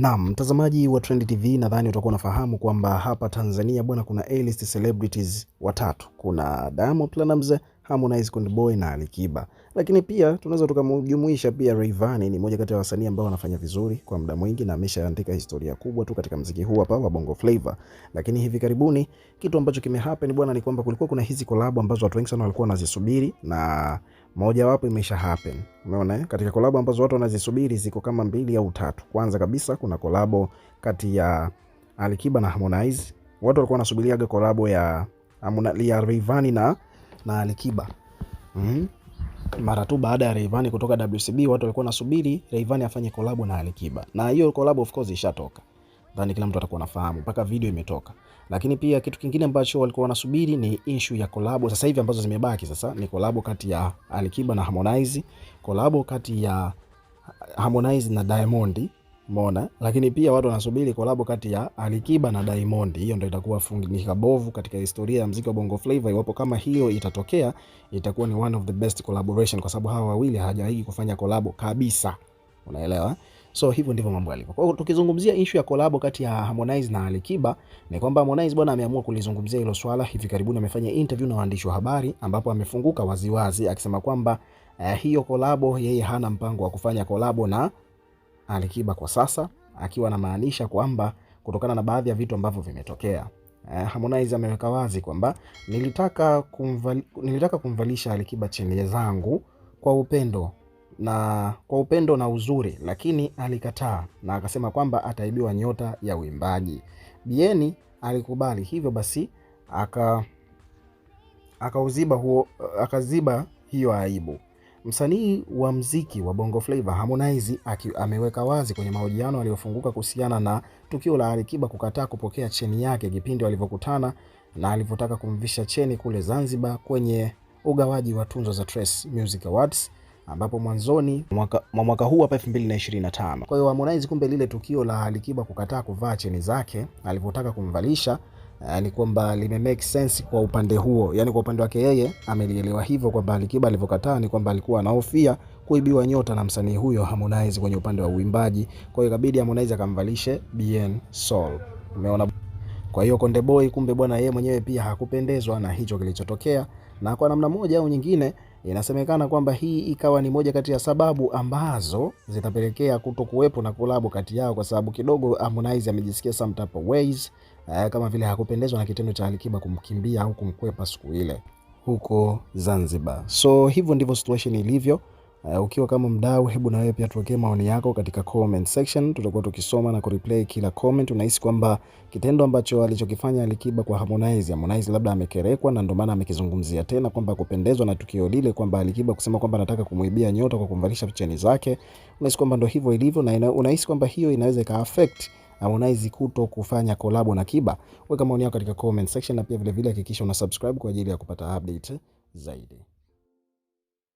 Naam, mtazamaji wa Trend TV nadhani utakuwa unafahamu kwamba hapa Tanzania bwana, kuna A-list celebrities watatu. Kuna Diamond Platnumz Harmonize Konde Boy na Alikiba. Lakini pia tunaweza tukamjumuisha pia Rayvanny, ni moja kati ya wasanii ambao wanafanya vizuri kwa muda mwingi na ameshaandika historia kubwa tu katika mziki huu hapa wa Bongo Flava. Lakini hivi karibuni kitu ambacho kimehappen bwana ni kwamba kulikuwa kuna hizi collab ambazo watu wengi sana walikuwa wanazisubiri na moja wapo imesha happen. Umeona eh? katika collab ambazo watu wanazisubiri ziko kama mbili au tatu. Kwanza kabisa kuna collab kati ya Alikiba na Harmonize. Watu walikuwa wanasubiriaga collab ya Harmonize, Rayvanny na na Alikiba mm -hmm. Mara tu baada ya Rayvanny kutoka WCB, watu walikuwa nasubiri Rayvanny afanye kolabo na Alikiba, na hiyo kolabo of course ishatoka, nadhani kila mtu atakuwa nafahamu mpaka video imetoka. Lakini pia kitu kingine ambacho walikuwa wanasubiri ni issue ya kolabo sasa hivi ambazo zimebaki sasa ni kolabo kati ya Alikiba na Harmonize, kolabo kati ya Harmonize na Diamond Mona, Lakini pia watu wanasubiri kolabo kati ya Alikiba na Diamond. Hiyo ndio itakuwa fungika bovu katika historia ya mziki wa Bongo Flava. Iwapo kama hiyo itatokea, itakuwa ni one of the best collaboration kwa sababu hawa wawili hawajawahi kufanya kolabo kabisa. Unaelewa? So hivyo ndivyo mambo yalivyo. Kwa hiyo tukizungumzia issue ya kolabo kati ya Harmonize na Alikiba ni kwamba Harmonize bwana ameamua kulizungumzia hilo swala. Hivi karibuni amefanya interview na waandishi wa habari ambapo amefunguka waziwazi akisema kwamba uh, hiyo kolabo yeye hana mpango wa kufanya kolabo na Alikiba kwa sasa, akiwa anamaanisha kwamba kutokana na baadhi ya vitu ambavyo vimetokea eh, Harmonize ameweka wazi kwamba nilitaka, kumvali, nilitaka kumvalisha Alikiba chele zangu kwa upendo na kwa upendo na uzuri, lakini alikataa na akasema kwamba ataibiwa nyota ya uimbaji. Bieni alikubali, hivyo basi aka akauziba huo akaziba hiyo aibu. Msanii wa mziki wa Bongo Flava Harmonize ameweka wazi kwenye mahojiano aliyofunguka kuhusiana na tukio la Alikiba kukataa kupokea cheni yake kipindi walivyokutana na alivyotaka kumvisha cheni kule Zanzibar kwenye ugawaji wa tunzo za Trace Music Awards ambapo mwanzoni mwa mwaka huu hapa 2025. Kwa hiyo Harmonize, kumbe lile tukio la Alikiba kukataa kuvaa cheni zake alivyotaka kumvalisha ni yaani kwamba lime make sense kwa upande huo, yani kwa upande wake yeye amelielewa hivyo, kwamba Alikiba alivyokataa ni kwamba alikuwa anahofia kuibiwa nyota na msanii huyo Harmonize kwenye upande wa uimbaji. Kwa hiyo ikabidi Harmonize akamvalishe Bien Soul, umeona. Kwa hiyo Konde Boy kumbe bwana, yeye mwenyewe pia hakupendezwa na hicho kilichotokea, na kwa namna moja au nyingine inasemekana kwamba hii ikawa ni moja kati ya sababu ambazo zitapelekea kutokuwepo na kolabo kati yao, kwa sababu kidogo Harmonize amejisikia some type of ways Eh, kama vile hakupendezwa na kitendo cha Alikiba kumkimbia au kumkwepa siku ile huko Zanzibar. So hivyo ndivyo situation ilivyo. Uh, ukiwa kama mdau, hebu na wewe pia tuwekee maoni yako katika comment section. Tutakuwa tukisoma na kureplay kila comment. Unahisi kwamba kitendo ambacho alichokifanya Alikiba kwa Harmonize, Harmonize labda amekerekwa na ndio maana amekizungumzia tena kwamba kupendezwa na tukio lile, kwamba Alikiba kusema kwamba anataka kumuibia nyota kwa kumvalisha picheni zake. Unahisi kwamba ndio hivyo ilivyo, na unahisi kwamba hiyo inaweza ika affect Harmonize kuto kufanya kolabo na Kiba? Weka maoni yako katika comment section, na pia vilevile hakikisha una subscribe kwa ajili ya kupata update zaidi.